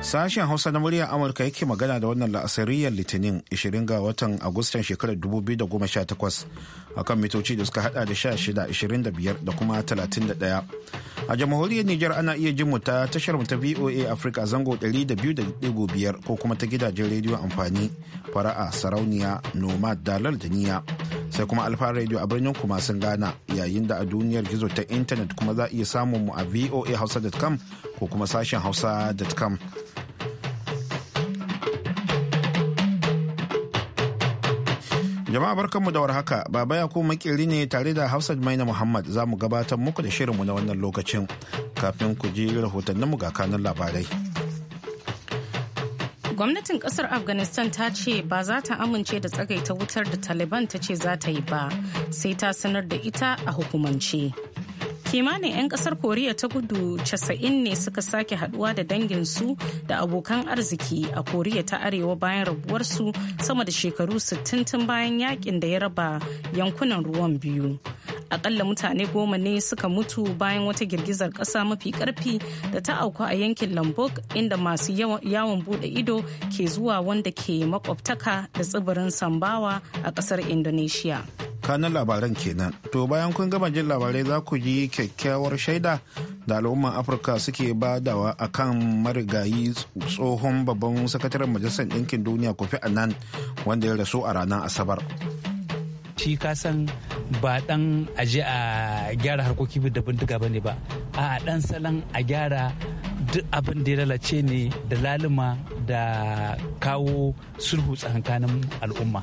Sashen Hausa na muryar Amurka yake magana da wannan la'asariyar Litinin 20 ga watan Agustan shekarar 2018 akan mitoci da suka hada da 16, 25 da kuma 31. A jamhuriyar Nijar ana iya jin mu ta tashar mu ta VOA Africa zango 200.5 ko kuma ta gidajen rediyo amfani fara'a sarauniya nomad dalar da niya sai kuma alfa rediyo a birnin kuma sun gana yayin da a duniyar gizo ta intanet kuma za a iya samun mu a voahausa.com ko kuma sashen hausa.com Jama'a barkanmu da warhaka, Baba Yakubu makeri ne tare da Hafsa Maina Muhammad za mu gabatar muku da shirinmu na wannan lokacin kafin ku ji mu ga kanun labarai. Gwamnatin kasar Afghanistan ta ce ba za ta amince da tsagaita wutar da Taliban ta ce za ta yi ba, sai ta sanar da ita a hukumance. kimanin 'yan kasar koriya ta kudu 90 ne suka sake haduwa da danginsu da abokan arziki a koriya ta arewa bayan rabuwarsu sama da shekaru 60 tun bayan yakin da ya raba yankunan ruwan biyu akalla mutane goma ne suka mutu bayan wata girgizar kasa mafi karfi da ta auku a yankin lombok inda masu yawon bude ido ke zuwa wanda ke makwabtaka da tsibirin sambawa a kasar indonesia kanan labaran kenan to bayan kun gama jin labarai za ku ji kyakkyawar shaida da al'umman afirka suke badawa a kan marigayi tsohon babban sakataren majalisar ɗinkin duniya kofi annan wanda ya rasu a ranar asabar shi kasan ba ɗan aje a gyara harkoki da bindiga ba ne ba a ɗan salon a gyara duk abin da ya lalace ne da laluma da kawo sulhu tsakanin al'umma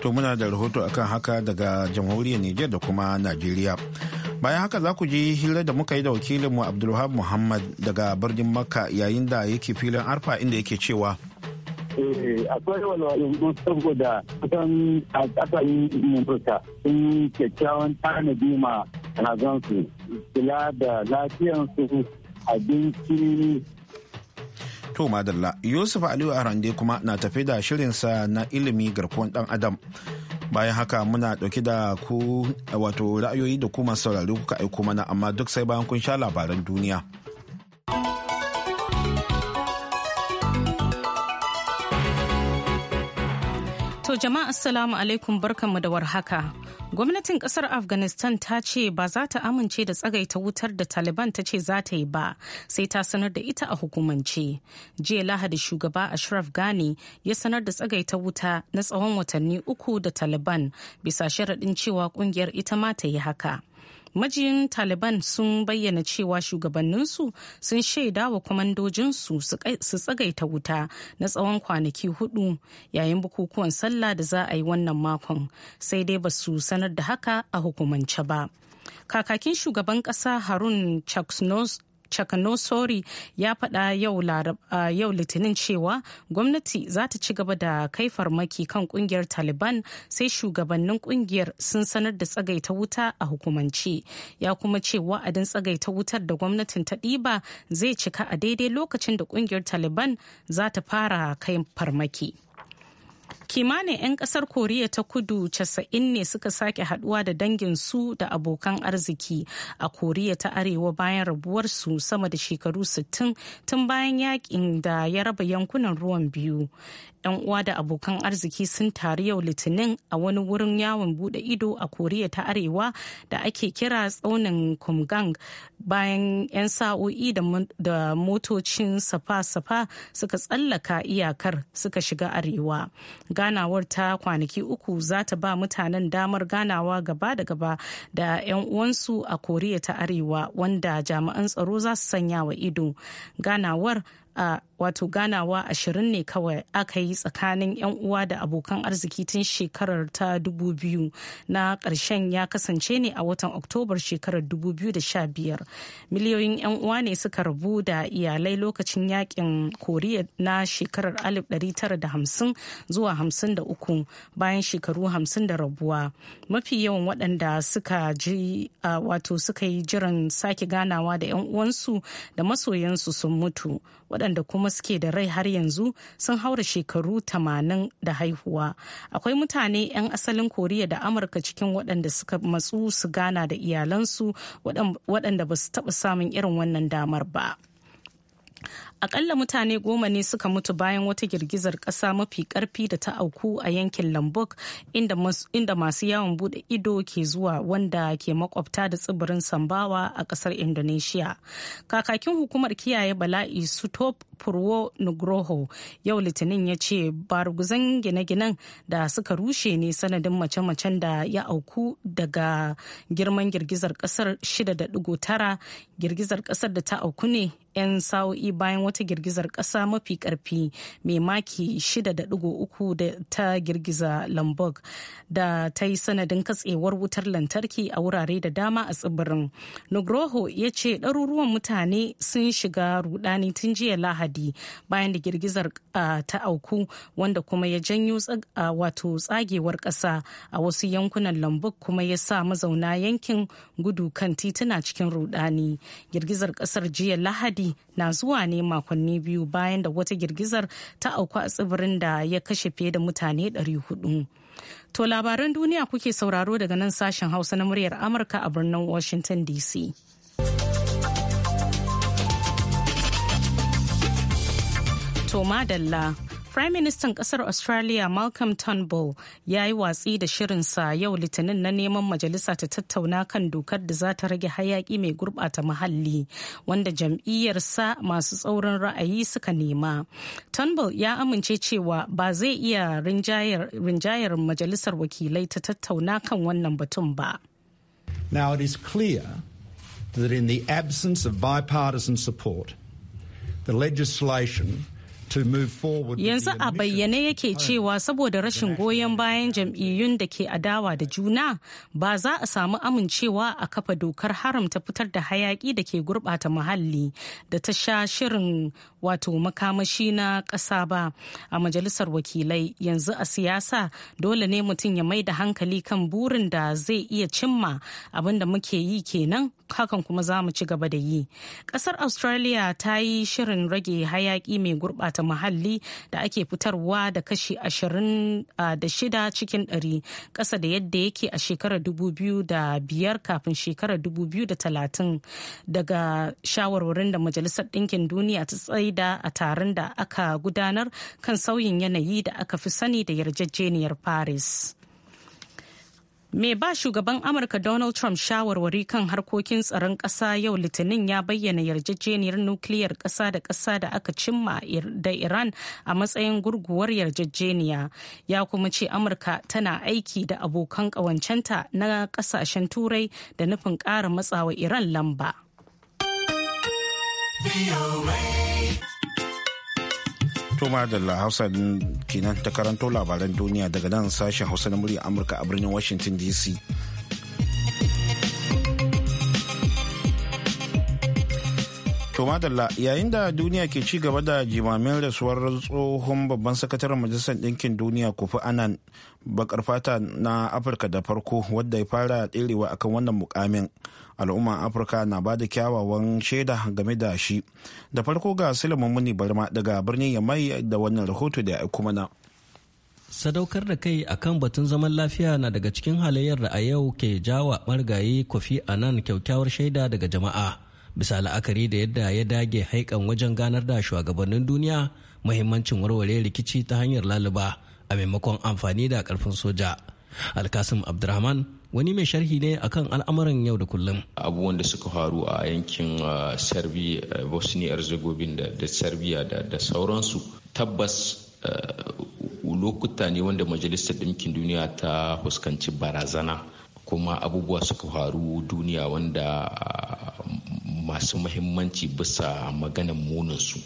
to muna da rahoto akan haka daga jamhuriyar Nijar da kuma Najeriya. Bayan haka za ku ji hira da muka yi da wakilinmu Abdulwahab Muhammad daga birnin Makka yayin da yake filin arfa inda yake cewa. Eh, akwai walwalu saboda kusan a kasan mumfurta sun kyakkyawan tanadi ma razansu kula da lafiyansu abinci To madalla Yusuf Aliyu Arande kuma na tafi da shirinsa na ilimi garkuwan dan Adam. Bayan haka muna ɗauke da ku wato ra'ayoyi da kuma saurari kuka aiko mana amma duk sai bayan kun sha labaran duniya. To jama'a assalamu alaikum barkanmu da warhaka. Gwamnatin kasar Afghanistan ta ce ba za ta amince da tsagaita wutar da Taliban ta ce za ta yi ba sai ta sanar da ita a hukumance. Jiya Lahadi shugaba Ashraf Ghani ya sanar da tsagaita wuta na tsawon watanni uku da Taliban bisa sharaɗin cewa kungiyar ita ma ta yi haka. majiyin taliban sun bayyana cewa shugabanninsu sun shaida wa kwamandojinsu su tsagaita wuta na tsawon kwanaki hudu yayin bukukuwan sallah da za a yi wannan makon sai dai ba su sanar da haka a hukumance ba kakakin shugaban kasa harun Chakanosori ya faɗa yau litinin cewa gwamnati za ta ci gaba da kai farmaki kan kungiyar Taliban sai shugabannin kungiyar sun sanar da tsagaita wuta a hukumance. Ya kuma ce wa'adin tsagaita wutar da gwamnatin ta ɗiba zai cika a daidai lokacin da kungiyar Taliban za ta fara kai farmaki. kimanin 'yan kasar koriya ta kudu 90 ne suka sake haduwa da danginsu da abokan arziki a koriya ta arewa bayan rabuwarsu sama da shekaru 60 tun bayan yakin da ya raba yankunan ruwan biyu yan uwa da abokan arziki sun taru yau litinin a wani wurin yawon bude ido a koriya ta arewa da ake kira tsaunin kumgang bayan 'yan sa'o'i da motocin safa-safa suka tsallaka iyakar suka shiga arewa ganawar ta kwanaki uku za ta ba mutanen damar ganawa gaba da gaba da 'yan uwansu a koriya ta arewa wanda jami'an tsaro za su sanya wa ido ganawar a wato ganawa ashirin ne kawai aka yi tsakanin 'yan uwa da abokan arziki tun shekarar ta 2000 na ƙarshen ya kasance ne a watan oktobar shekarar 2015 miliyoyin 'yan uwa ne suka rabu da iyalai lokacin yakin koriya na shekarar alif da 1950 zuwa 53 bayan shekaru 50 da rabuwa mafi yawan waɗanda suka ji wato suka yi jiran sake ganawa da 'yan uwansu da masoyansu sun mutu waɗanda kuma suke da rai har yanzu sun haura shekaru 80 da haihuwa akwai mutane 'yan asalin koriya da amurka cikin waɗanda suka matsu su gana da iyalansu waɗanda ba su taɓa samun irin wannan damar ba Akalla mutane goma ne suka mutu bayan wata girgizar ƙasa mafi ƙarfi da ta auku a yankin Lombok inda masu yawon bude ido ke zuwa wanda ke makwabta da tsibirin Sambawa a ƙasar Indonesia. Kakakin hukumar kiyaye bala'i Sutop Purwo Nugroho yau Litinin ya ce baruguzan gine-ginen da suka rushe ne sanadin mace-macen da ya auku daga girman girgizar ƙasar 6.9 girgizar ƙasar da ta auku ne 'yan sa'o'i bayan wata girgizar ƙasa mafi ƙarfi mai maki 6.3 ta girgiza Lombok da ta yi sanadin katsewar wutar lantarki a wurare da dama a tsibirin. Nugroho ya ce ɗaruruwan mutane sun shiga rudani tun jiya Lahadi bayan da girgizar ta auku wanda kuma ya janyo wato tsagewar ƙasa a wasu yankunan Lombok kuma ya sa mazauna yankin gudu kan tituna cikin rudani. Girgizar ƙasar jiya Lahadi na zuwa ne makonni biyu bayan da wata girgizar ta auku a tsibirin da ya kashe fiye da mutane 400. To labaran duniya kuke sauraro daga nan sashen Hausa na muryar Amurka a birnin Washington DC. To madalla. Prime Ministan kasar Australia Malcolm Turnbull ya yi watsi da shirinsa yau litinin na neman majalisa ta tattauna kan dokar da za ta rage hayaki mai gurɓata muhalli wanda jam'iyyarsa masu tsaurin ra'ayi suka nema. Turnbull ya amince cewa ba zai iya rinjayar majalisar wakilai ta tattauna kan wannan batun ba. Now it is clear that in the absence of bipartisan support, the legislation Yanzu a bayyane yake cewa saboda rashin goyon bayan jam'iyyun da ke adawa da juna ba za a samu amincewa a kafa dokar haramta fitar da hayaki da ke gurbata muhalli da ta sha shirin wato makamashi na ƙasa ba a majalisar wakilai yanzu a siyasa dole ne mutum ya mai da hankali kan burin da zai iya cimma abinda muke yi kenan hakan kuma za mu ci gaba da yi kasar australia ta yi shirin rage hayaki mai gurbata muhalli da ake fitarwa da kashi ashirin da shida cikin ɗari. ƙasa da yadda yake a shekarar dubu biyu da biyar kafin shekarar dubu biyu da talatin daga shawarwarin da majalisar ɗinkin duniya ta tsaida a taron da aka gudanar kan sauyin yanayi da aka fi sani da yarjejeniyar paris Me ba shugaban Amurka Donald Trump shawarwari kan harkokin tsaron ƙasa yau Litinin ya bayyana yarjejeniyar nukiliyar ƙasa da ƙasa da aka cimma da Iran a matsayin gurguwar yarjejeniya. Ya kuma ce Amurka tana aiki da abokan ƙawancenta na ƙasashen Turai da nufin ƙara matsawa Iran lamba. Toma da Hausa kenan ta karanto labaran duniya daga nan sashen Hausa na murya Amurka a birnin Washington DC. To madalla yayin da duniya ke ci gaba da jimamin rasuwar tsohon babban sakataren majalisar ɗinkin duniya kufi anan bakar fata na afirka da farko wadda ya fara tserewa akan wannan mukamin al'umma afirka na ba da kyawawan shaida game da shi da farko ga sulaiman muni barma daga birnin yamai da wannan rahoto da ya mana sadaukar da kai akan batun zaman lafiya na daga cikin halayyar da a yau ke jawa marigayi kofi anan kyaukyawar shaida daga jama'a bisa la'akari da yadda ya dage haikan wajen ganar da shugabannin duniya muhimmancin warware rikici ta hanyar laluba a maimakon amfani da karfin soja alkasim abdurrahman wani mai sharhi ne akan al'amuran yau da kullum abubuwan da suka faru a yankin uh, uh, bosnia herzegovina da serbia da sauransu tabbas uh, lokuta ne wanda majalisar ɗinkin duniya ta fuskanci barazana kuma abubuwa suka faru duniya wanda masu mahimmanci bisa maganan munansu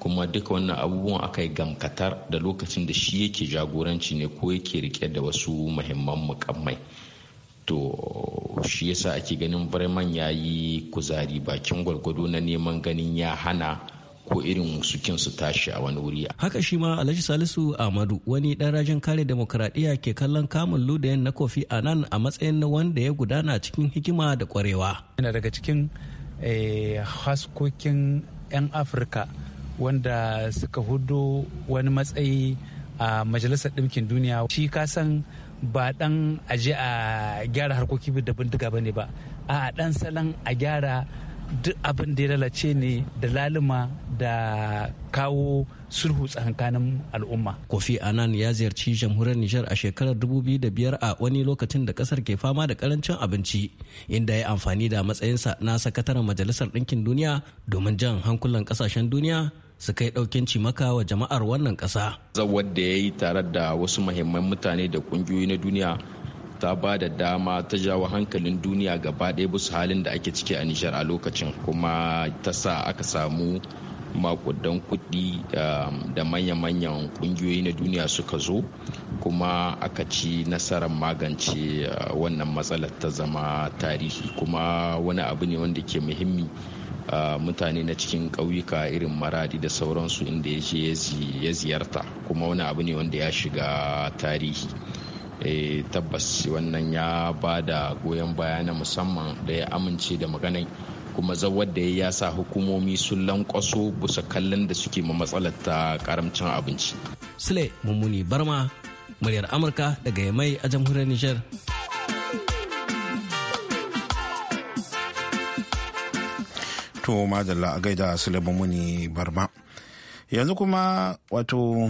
kuma duka wannan abubuwan aka yi gamkatar da lokacin da shi yake jagoranci ne ko yake rike da wasu mahimman mukammai to shi yasa ake ganin bremen ya yi kuzari bakin gwargwado na neman ganin ya hana ko irin sukin su tashi a wani wuri. Haka shi ma Alhaji Salisu amadu wani ɗan rajin kare demokradiyya ke kallon kamun ludayen na kofi a nan a matsayin na wanda ya gudana cikin hikima da kwarewa. Yana daga cikin Eh, haskokin 'yan afirka wanda suka hudu wani matsayi a majalisar ɗinkin duniya shi ka san ba ɗan aje a gyara harkoki da bindiga ba ne ba a ɗan salon a gyara duk abin da ya lalace ne da laluma da kawo sulhu tsakanin al'umma. Kofi Annan ya ziyarci jamhuriyar Nijar a shekarar 2005 a wani lokacin da kasar ke fama da karancin abinci inda ya amfani da matsayinsa na sakataren majalisar ɗinkin duniya domin jan hankulan ƙasashen duniya su kai ɗaukin cimaka wa jama'ar wannan ƙasa. Zawar da ya yi tare da wasu mahimman mutane da ƙungiyoyi na duniya ta ba da dama ta jawo hankalin duniya gaba ɗaya bisa halin da ake ciki a Nijar a lokacin kuma ta sa aka samu makudan kuɗi um, da manya-manyan ƙungiyoyi na duniya suka zo kuma aka ci nasarar magance uh, wannan matsalar ta zama tarihi kuma wani abu ne wanda ke muhimmi uh, mutane na cikin ƙauyuka irin maradi da sauransu inda ya ziyarta kuma wani abu ne wanda ya shiga tarihi. Eh, tabbas wannan ya ba da goyon baya na musamman da ya amince da maganar kuma zawar da ya sa hukumomi sun lankwaso busa kallon da suke ma matsalar ta karamcin abinci. Sule Mummuni Barma, muryar Amurka daga Yamai a jamhuriyar Nijar. To madalla a gaida Sule Mummuni Barma. Yanzu kuma wato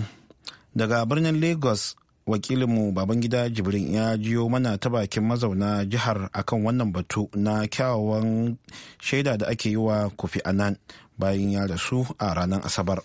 daga birnin Lagos wakilinmu babangida jibrin ya jiyo mana ta bakin mazauna jihar akan wannan batu na kyawawan shaida da ake yi wa kofi anan bayan ya rasu a ranar asabar.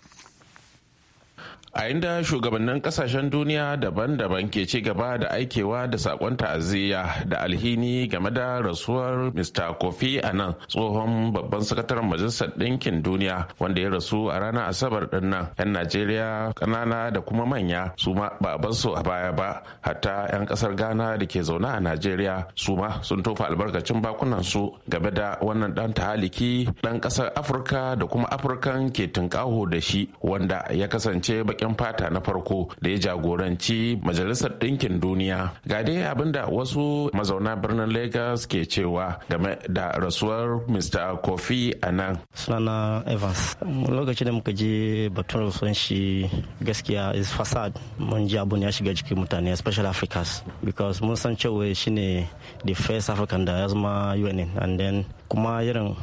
a inda shugabannin kasashen duniya daban-daban ke ci gaba da aikewa da sakon ta'aziyya da alhini game da rasuwar mr kofi nan tsohon babban sakataren majalisar ɗinkin duniya wanda ya rasu a ranar asabar ɗin nan yan najeriya kanana da kuma manya su ma ba a su a baya ba hatta yan ƙasar ghana da ke zaune a najeriya su ma sun tofa albarkacin bakunan su game da wannan dan tahaliki ɗan ƙasar afirka da kuma afirkan ke tunƙaho da shi wanda ya kasance baƙin baƙin fata na farko da ya jagoranci majalisar ɗinkin duniya ga dai abin da wasu mazauna birnin lagos ke cewa game da rasuwar mr kofi anan sunana evans lokacin da muka je batun rasuwan shi gaskiya is fasad mun ji abun ya shiga jikin mutane special africans because mun san cewa shine the first african da ya zama un and then kuma irin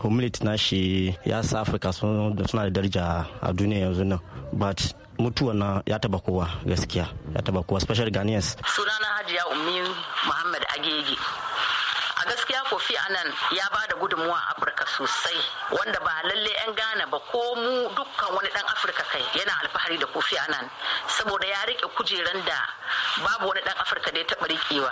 humility na shi ya sa africa suna da daraja a duniya yanzu nan but mutuwa na ya taba kowa gaskiya ya taba kowa special ghanaians sunana hajiya ummi muhammad agege a gaskiya kofi anan ya ba da gudunmuwa afirka sosai wanda ba lalle 'yan ghana ba ko mu dukkan wani dan afirka kai yana alfahari da kofi anan saboda ya rike kujeran da babu wani dan afirka da ya taba rikewa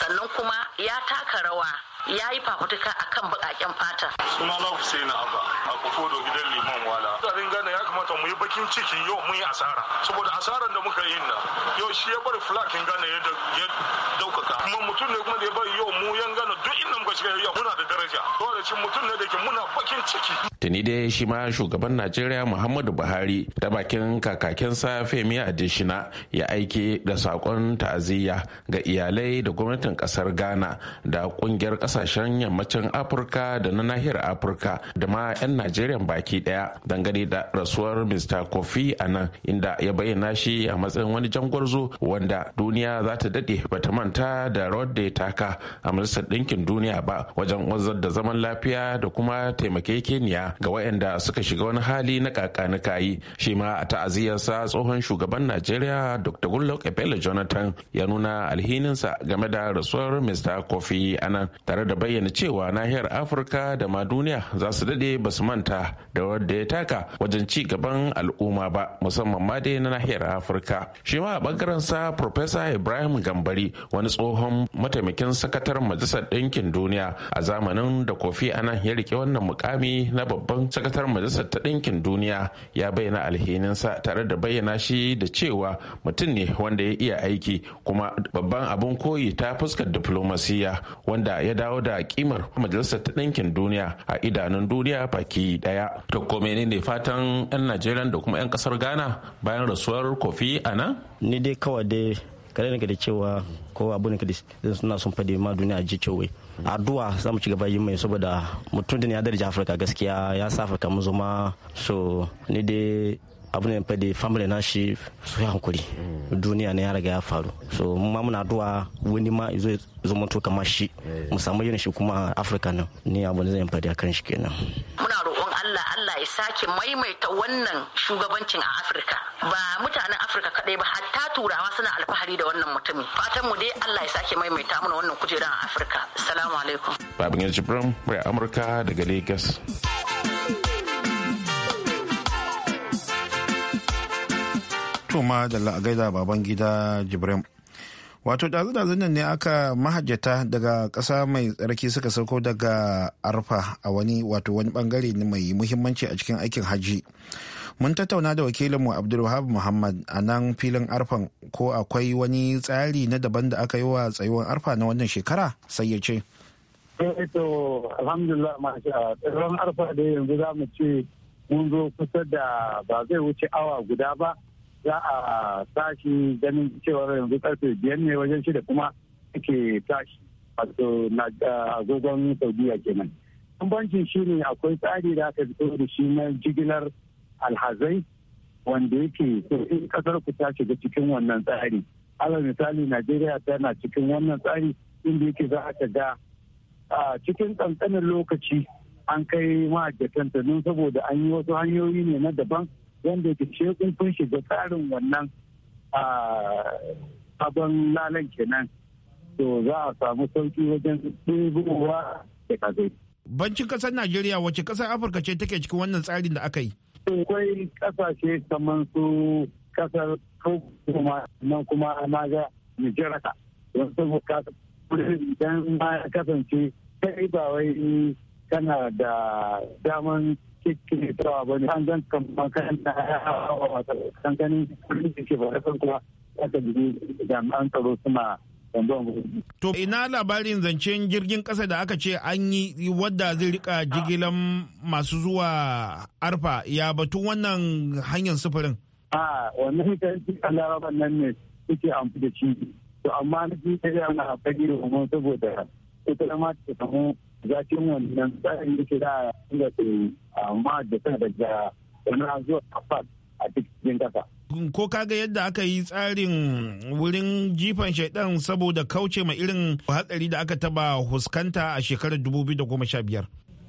sannan kuma ya taka rawa ya yi fafutuka a kan bukaken fata. suna na husaini abba a kofo da gidan liman wala tsarin gane ya kamata mu yi bakin ciki yau mun yi asara saboda asaran da muka yi na yau shi ya bari flakin gane ya daukaka kuma mutum ne kuma da ya bari yau mu yan gane duk inda muka shiga yau muna da daraja dole shi mutum ne da ke muna bakin ciki tuni dai shi ma shugaban najeriya muhammadu buhari ta bakin kakakinsa femi adishina ya aike da sakon ta'aziyya ga iyalai da gwamnatin kasar ghana da kungiyar kasashen yammacin afirka da na nahiyar afirka da ma 'yan najeriya baki daya dangane da rasuwar mr kofi a nan inda ya bayyana shi a matsayin wani jangwarzo wanda duniya za ta dade bata manta da rawar da ya taka a majalisar ɗinkin duniya ba wajen wanzar da zaman lafiya da kuma taimakekeniya ga waɗanda suka shiga wani hali na kayi shi ma a ta'aziyarsa tsohon shugaban najeriya dr goodluck ebele jonathan ya nuna alhininsa game da rasuwar mr kofi anan tare da bayyana cewa nahiyar afirka da ma duniya za su daɗe ba su manta da wadda ya taka wajen ci gaban al'umma ba musamman ma dai na nahiyar afirka shi ma a bangaren sa professor ibrahim gambari wani tsohon mataimakin sakatar majalisar ɗinkin duniya a zamanin da kofi anan ya rike wannan mukami na babban sakatar majalisar ta ɗinkin duniya ya bayyana alhininsa tare da bayyana shi da cewa mutum ne wanda ya iya aiki kuma babban abin koyi ta fuskar diplomasiya wanda ya dawo da kimar majalisar ta ɗinkin duniya a idanun duniya baki daya to ko menene fatan 'yan najeriya da kuma 'yan kasar ghana bayan rasuwar kofi a nan ni dai kawai dai kare ne da cewa kowa abu ne da suna son fadi ma duniya ji cewa addu'a za mu ci gaba yi mai saboda mutum da ya daraja afirka gaskiya ya sa afirka mu zuma so ni dai abu ne fa da family na shi su hankuri mm. duniya ne ya riga ya faru so ma muna duwa wani ma zo zama to kamar shi eh. mu samu yin shi kuma afirka nan ni abu ne zan fadi akan shi kenan muna roƙon Allah Allah ya sake maimaita wannan shugabancin a Afirka ba mutanen Afirka kadai ba hatta turawa suna alfahari da wannan mutumin fatan mu dai Allah ya sake maimaita mana wannan kujeran a Afirka assalamu alaikum babin yarjibirin bai Amurka daga Lagos ma da la'agaida baban gida Jibrin. Wato dazu dazun nan ne aka mahajjata daga ƙasa mai tsarki suka sauko daga arfa a wani wato wani bangare mai muhimmanci a cikin aikin hajji. Mun tattauna da wakilinmu Abdulwahab Muhammad a nan filin arfan ko akwai wani tsari na daban da aka yi wa tsayuwar arfa na wannan shekara sai ya ce. Eh, to alhamdulillah masha arfa da yanzu za ce mun zo kusa da ba zai wuce awa guda ba za a tashi ganin cewa yanzu karfe biyar ne wajen shida kuma ake tashi wato na agogon saudiya kenan bambancin shi ne akwai tsari da aka fito da shi na jigilar alhazai wanda yake so in kasar ku ta shiga cikin wannan tsari alal misali najeriya tana cikin wannan tsari inda yake za a ga cikin tsantsanin lokaci an kai ma'aikatan ta saboda an yi wasu hanyoyi ne na daban wanda ke ce kun shiga tsarin wannan a sabon lalan kenan to za a samu sauki wajen ɗebowa da kazai. Bancin ƙasar Najeriya wace kasar Afirka ce take cikin wannan tsarin da aka yi? Akwai ƙasashe kamar su ƙasar kuma nan kuma na ga Nijaraka. Don saboda idan ma kasance kai ba wai kana da daman cikin tara ba ne an zan kan makaranta ya hawa wata kan ganin kudin da ke ba kuwa aka jiri jami'an tsaro suna To ina labarin zancen jirgin ƙasa da aka ce an yi wadda zai rika jigilan masu zuwa arfa ya batun wannan hanyar sufurin? A wannan hikarci a larabar nan ne suke amfi da shi. To amma na ji ta yana fage da saboda ita ma ta samu zafin wannan tsarin da ke da ta da daga wani zuwa a cikin kasa. Ko kaga yadda aka yi tsarin wurin jifan shaidan saboda kauce ma irin hatsari da aka taba huskanta a shekarar 2015?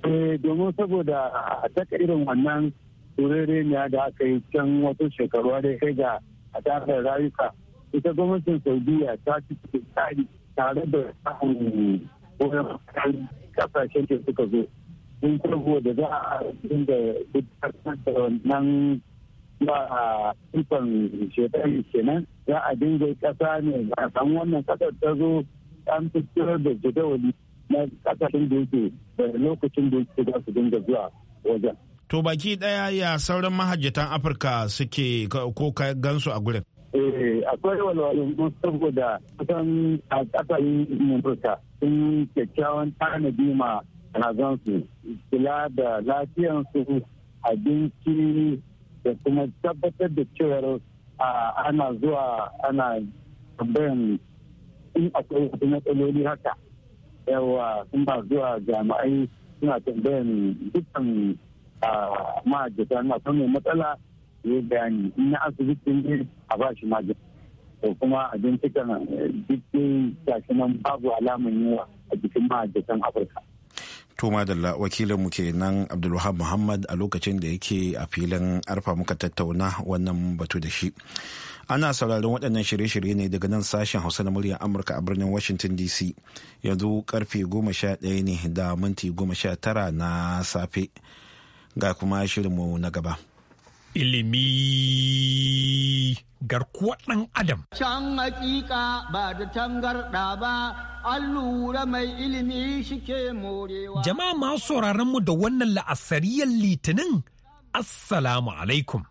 Eh domin saboda a taka irin wannan turereniya da aka yi can wasu shekaru da kai ga a tafiya rayuka. Ita gwamnatin Saudiya ta ci tsari tare da kasashen da suka zo in kurgo da za a inda gudanar da ba a ikon shekaru kenan za a dinga kasa ne a san wannan kasar ta zo an fitar da jadawali na kasashen da yake da lokacin da yake za su dinga zuwa wajen. To baki daya ya sauran mahajjatan Afirka suke ko ka gansu a gurin. Eh, akwai walwalin saboda kusan a ƙasashen Afirka sun kyakkyawan tanadi ma razansu kula da lafiyansu abinci da kuma tabbatar da cewar ana zuwa ana tambayan in akwai wasu matsaloli haka yawa sun ba zuwa jami'ai suna tambayan dukkan ma'ajata na matsala ya bayani in na asibitin a ba shi magani to kuma a kan eh, duk gashi nan babu alaman yiwa a jikin ma'ajatan afirka to madalla wakilinmu nan abdulwahab muhammad a lokacin da yake a filin arfa muka tattauna wannan batu da shi ana sauraron waɗannan shirye-shirye ne daga nan sashen hausa na muryar amurka a birnin washington dc yanzu karfe 11 ne da minti tara na safe ga kuma shirinmu na gaba ilimi garkuwar ɗan adam. Can hakika ba da tangarɗa ba, an lura mai ilimi shike morewa. Jama'a masu mu da wannan la'asariyar litinin, Assalamu alaikum.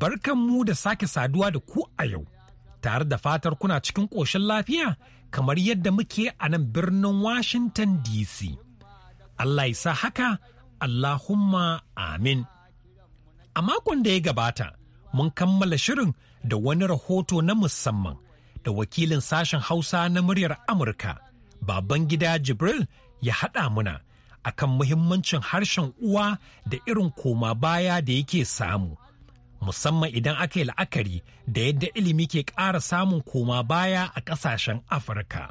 Barkan mu da sake saduwa da ku a yau, tare da fatar kuna cikin ƙoshin lafiya kamar yadda muke a nan birnin Washington DC. Allah ya sa haka, Allahumma amin. A makon da ya gabata, mun kammala shirin da wani rahoto na musamman da wakilin sashen Hausa na muryar Amurka, baban gida Jibril ya haɗa muna akan muhimmancin harshen uwa da irin koma baya da yake samu. Musamman idan aka yi la'akari da yadda ilimi ke ƙara samun koma baya a ƙasashen Afirka.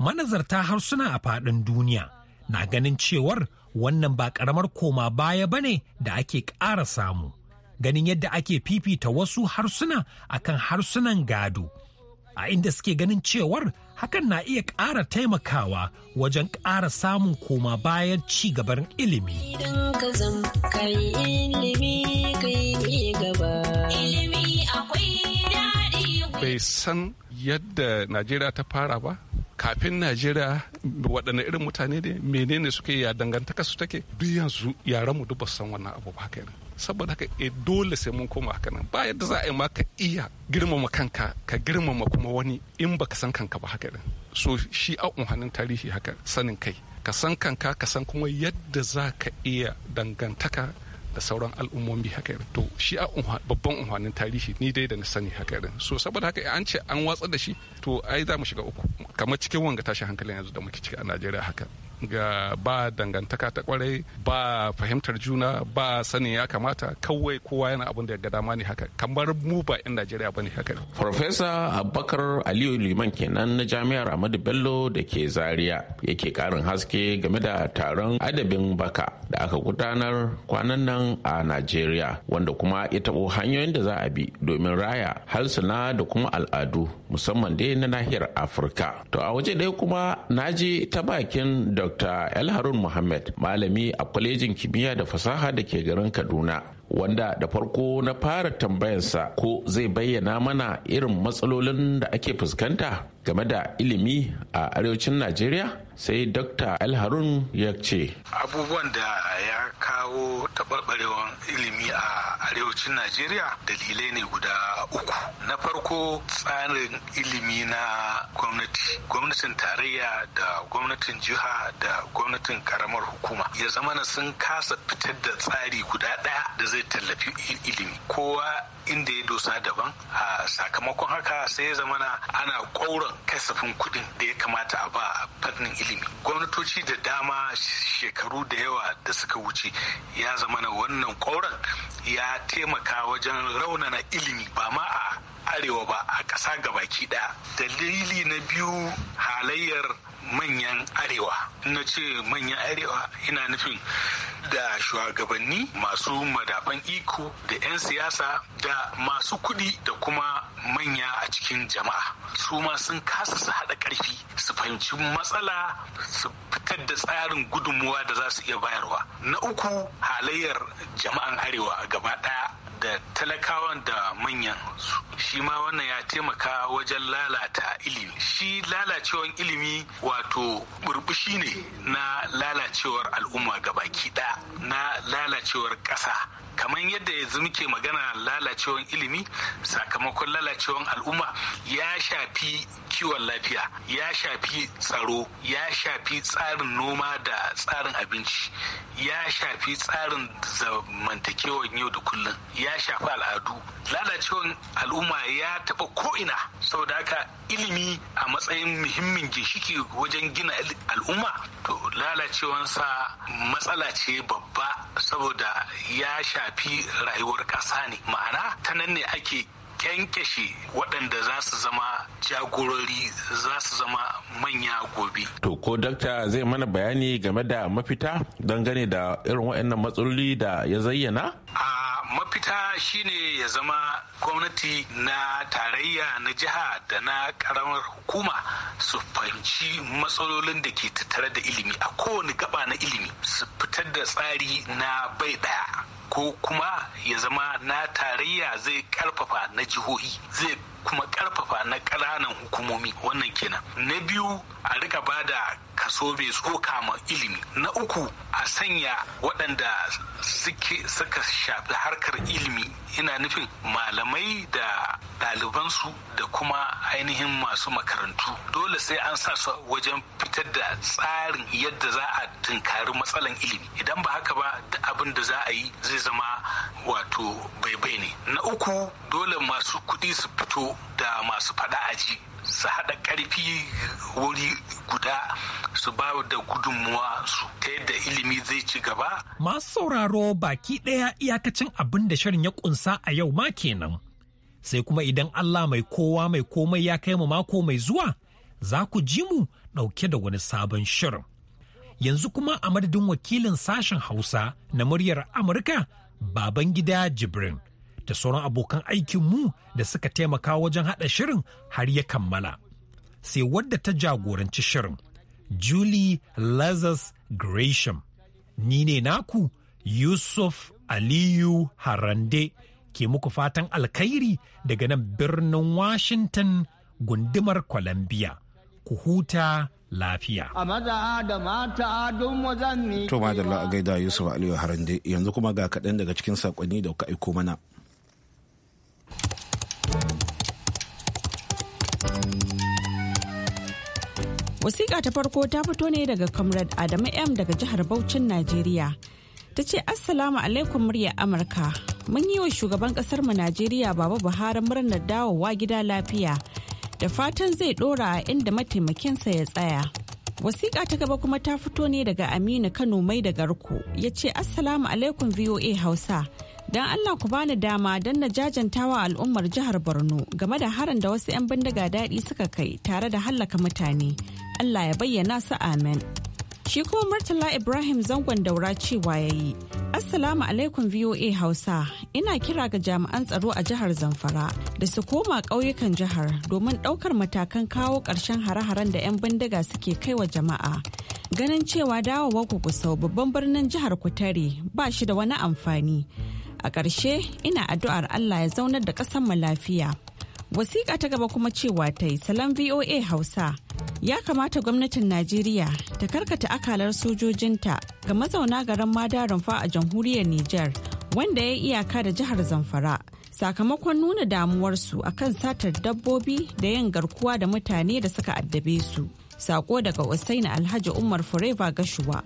Manazarta harsuna a faɗin duniya na ganin cewar wannan ba ƙaramar koma baya bane da ake ƙara samu ganin yadda ake fifita wasu harsuna akan harsunan gado a inda suke ganin cewar hakan na iya ƙara taimakawa wajen ƙara samun koma bayan ci gaban ilimi. Bai san yadda Najeriya ta fara ba, kafin najeriya waɗanne irin mutane ne menene suke ya dangantaka su take duk yanzu yaran mu duk san wannan abu ba haka saboda haka e dole sai mun koma haka nan ba yadda za a yi ma ka iya girmama kanka ka girmama kuma wani in ba ka san kanka ba haka so shi a unhanin tarihi haka sanin kai ka san kanka ka san kuma yadda za ka iya dangantaka da sauran al'ummomi haka irin to shi a babban unhwanin tarihi ni dai da na sani haka irin so saboda haka an ce an watsa da shi to ai za mu shiga uku kamar cikin wanga tashin hankalin yanzu da muke ciki a najeriya haka ga ba dangantaka ta kwarai ba fahimtar juna ba sanin ya kamata kawai kowa yana abin da ya gada dama haka kamar mu ba yan najeriya ba ne haka Profesa abubakar aliyu liman kenan na jami'ar ahmadu bello da ke zaria yake karin haske game da taron adabin baka da aka gudanar kwanan nan a najeriya wanda kuma ya taɓo hanyoyin da za a bi domin raya harsuna da kuma al'adu musamman dai na nahiyar afirka to a waje ɗaya kuma naji ta bakin dr dr el harun muhammad malami a kwalejin kimiyya da fasaha da ke garin kaduna wanda da farko na fara tambayarsa ko zai bayyana mana irin matsalolin da ake fuskanta game da ilimi a arewacin najeriya sai dr alharun ya ce abubuwan da ya kawo taɓarɓarewar ilimi a arewacin najeriya dalilai ne guda uku na farko tsarin ilimi na gwamnati gwamnatin tarayya da gwamnatin jiha da gwamnatin karamar hukuma ya zamana sun kasa fitar da tsari guda ɗaya da zai tallafi ilimi kowa inda ya dosa daban a sakamakon haka sai ya zamana ana kauran kasafin kuɗin da ya kamata a ba a fannin ilimi gwamnatoci da dama shekaru da yawa da suka wuce ya zamana wannan kauran ya taimaka wajen raunana ilimi ba ma a arewa ba a ƙasa gabaki ɗaya dalili na biyu halayyar manyan arewa na ce manyan arewa ina nufin da shugabanni masu madafan iko da 'yan siyasa da masu kuɗi da kuma manya a cikin jama'a su ma sun kasa su haɗa ƙarfi su fahimci matsala su fitar da tsarin gudunmuwa da za su iya bayarwa na uku halayyar jama'an arewa gaba ɗaya da talakawan da manyan shi ma wannan ya taimaka wajen lalata ilimi shi lalacewar ilimi wato burbushi ne na lalacewar al'umma gabaki ɗaya na lalacewar ƙasa kamar yadda yanzu muke magana lalacewan ilimi sakamakon lalacewan al'umma ya shafi kiwon lafiya ya shafi tsaro ya shafi tsarin noma da tsarin abinci ya shafi tsarin zamantakewan yau da kullum ya shafi al'adu lalacewan al'umma ya taɓa ko'ina saboda haka ilimi a matsayin muhimmin ginshiki wajen gina al'umma to lalacewansa matsala ce babba saboda ya shafi shafi rayuwar ƙasa ne ma'ana ta nan ne ake kyankyashe waɗanda za su zama jagorori za su zama manya gobe. To ko dakta zai mana bayani game da mafita dangane da irin waɗannan matsaloli da ya zayyana? A mafita shine ya zama gwamnati na tarayya na jiha da na karamar hukuma su fahimci matsalolin da ke tattare da ilimi a kowane gaba na ilimi su fitar da tsari na bai ɗaya ko kuma ya zama na tarayya zai karfafa na jihohi zai kuma karfafa na ƙananan hukumomi wannan kenan na biyu a rika bada kaso bai tsoka ma ilimi na uku a sanya waɗanda suka shafi harkar ilimi ina nufin malamai da ɗalibansu da kuma ainihin masu makarantu dole sai an sa su wajen fitar da tsarin yadda za a tunkari matsalan ilimi idan ba haka ba da abin da za a yi zai zama wato baibai ne na uku dole masu kuɗi su fito da masu fada aji su haɗa ƙarfi wuri guda su ba da gudunmuwa su kai da ilimi zai ci gaba. Masu sauraro baki ɗaya iyakacin abin da shirin ya ƙunsa a yau ma kenan. Sai kuma idan Allah mai kowa mai komai ya kai mu mako mai zuwa, za ku ji mu ɗauke da wani sabon shirin. Yanzu kuma a madadin wakilin sashen Hausa na muryar Amurka Babangida Jibrin da sauran abokan aikinmu da suka taimaka wajen haɗa shirin har ya kammala. Sai wadda ta jagoranci shirin, Julie Lazarus Gresham. Ni ne naku Yusuf Aliyu Harande ke muku fatan alkhairi daga nan birnin Washington gundumar Columbia. ku huta lafiya. A maza da mata don mazanni. To da a gaida Yusuf Aliyu Harande yanzu kuma ga kaɗan daga cikin saƙonni da kuka aiko mana. Wasiƙa ta farko ta fito ne daga Comrade Adamu M daga jihar Bauchin Najeriya. Ta ce Assalamu alaikum murya Amurka. Mun yi wa shugaban ƙasarmu Najeriya Baba Buhari murnar dawowa gida lafiya. da fatan zai dora inda mataimakinsa ya tsaya. Wasiƙa ta gaba kuma ta fito ne daga Aminu Kano mai da garku ya ce Assalamu alaikum VOA Hausa. Don Allah ku bani dama don na jajantawa al'ummar jihar Borno game da harin da wasu 'yan bindiga daɗi suka kai tare da hallaka mutane. Allah ya bayyana su amin. Shi kuma Murtala Ibrahim zangon daura cewa ya yi. Assalamu alaikum VOA Hausa, ina kira ga jami'an tsaro a jihar Zamfara da su koma ƙauyukan jihar domin ɗaukar matakan kawo ƙarshen hare-haren da 'yan bindiga suke kai wa jama'a. Ganin cewa dawowa ku kusau babban birnin jihar Kutare ba shi da wani amfani. A ƙarshe ina addu'ar Allah ya zaunar da ƙasar mu lafiya. Wasiƙa ta gaba kuma cewa ta yi salon VOA Hausa. ya kamata gwamnatin najeriya ta karkata akalar sojojinta ga mazauna garin madaran fa a jamhuriyar niger wanda ya iyaka da jihar zamfara sakamakon nuna damuwarsu akan satar dabbobi da yin garkuwa da mutane da suka addabe su sako daga usaini alhaji umar fureva gashuwa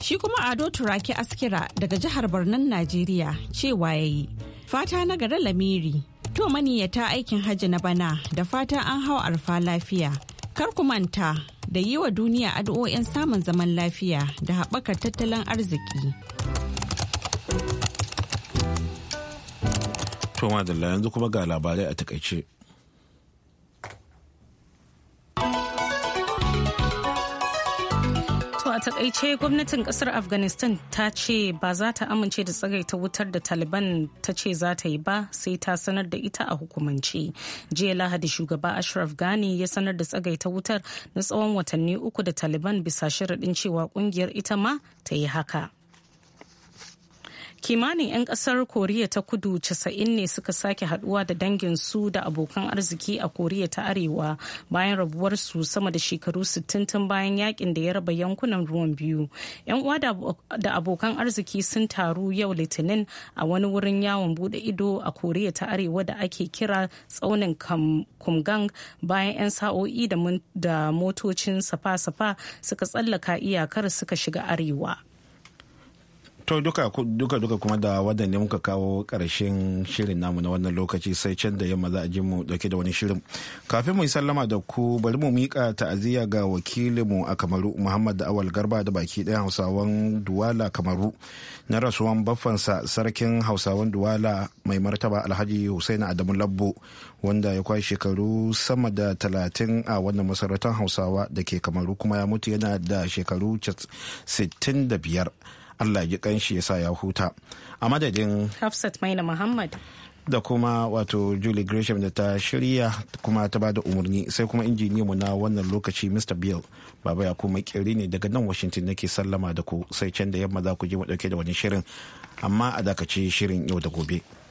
shi kuma ado turaki askira daga jihar barnan najeriya cewa ya yi fata na garin lamiri to maniyyata aikin hajji na bana da fata an hau arfa lafiya Kar ku manta da yi wa duniya addu'o'in samun zaman lafiya da haɓakar tattalin arziki. To madalla yanzu kuma ga labarai a takaice. takaice gwamnatin kasar afghanistan ta ce ba za ta amince da tsagaita wutar da taliban ta ce za ta yi ba sai ta sanar da ita a hukumance jiya lahadi shugaba ashraf ghani ya sanar da tsagaita wutar na tsawon watanni uku da taliban bisa sharaɗin cewa kungiyar ita ma ta yi haka kimanin 'yan kasar koriya ta kudu 90 ne suka sake haduwa da dangin su da abokan arziki a koriya ta arewa bayan rabuwar su sama da shekaru 60 tun bayan yakin da ya raba yankunan ruwan biyu 'yan uwa da abokan arziki sun taru yau litinin a wani wurin yawon bude ido a koriya ta arewa da ake kira tsaunin kumgang bayan 'yan sa'o'i da motocin safa-safa suka tsallaka iyakar suka shiga arewa. to duka duka duka kuma da wadda ne muka kawo karshen shirin namu na wannan lokaci sai can da yamma za a mu dauke da wani shirin kafin mu yi sallama da ku bari mu mika ta'aziyya ga wakilinmu a kamaru muhammad da awal garba da baki ɗaya hausawan duwala kamaru na rasuwan baffansa sarkin hausawan duwala mai martaba alhaji husaini adamu labbo wanda ya kwashe shekaru sama da talatin a wannan masarautar hausawa da ke kamaru kuma ya mutu yana da shekaru sittin da biyar. allah ji kanshi ya sa ya huta a madadin hafsat maina muhammad da kuma wato julie gresham da ta shirya kuma ta bada umarni sai kuma mu na wannan lokaci mr bill baba ya kuma kiri ne daga nan washington nake sallama da ku sai can da yamma za ku je mu dauke da wani shirin amma a dakace shirin yau da gobe.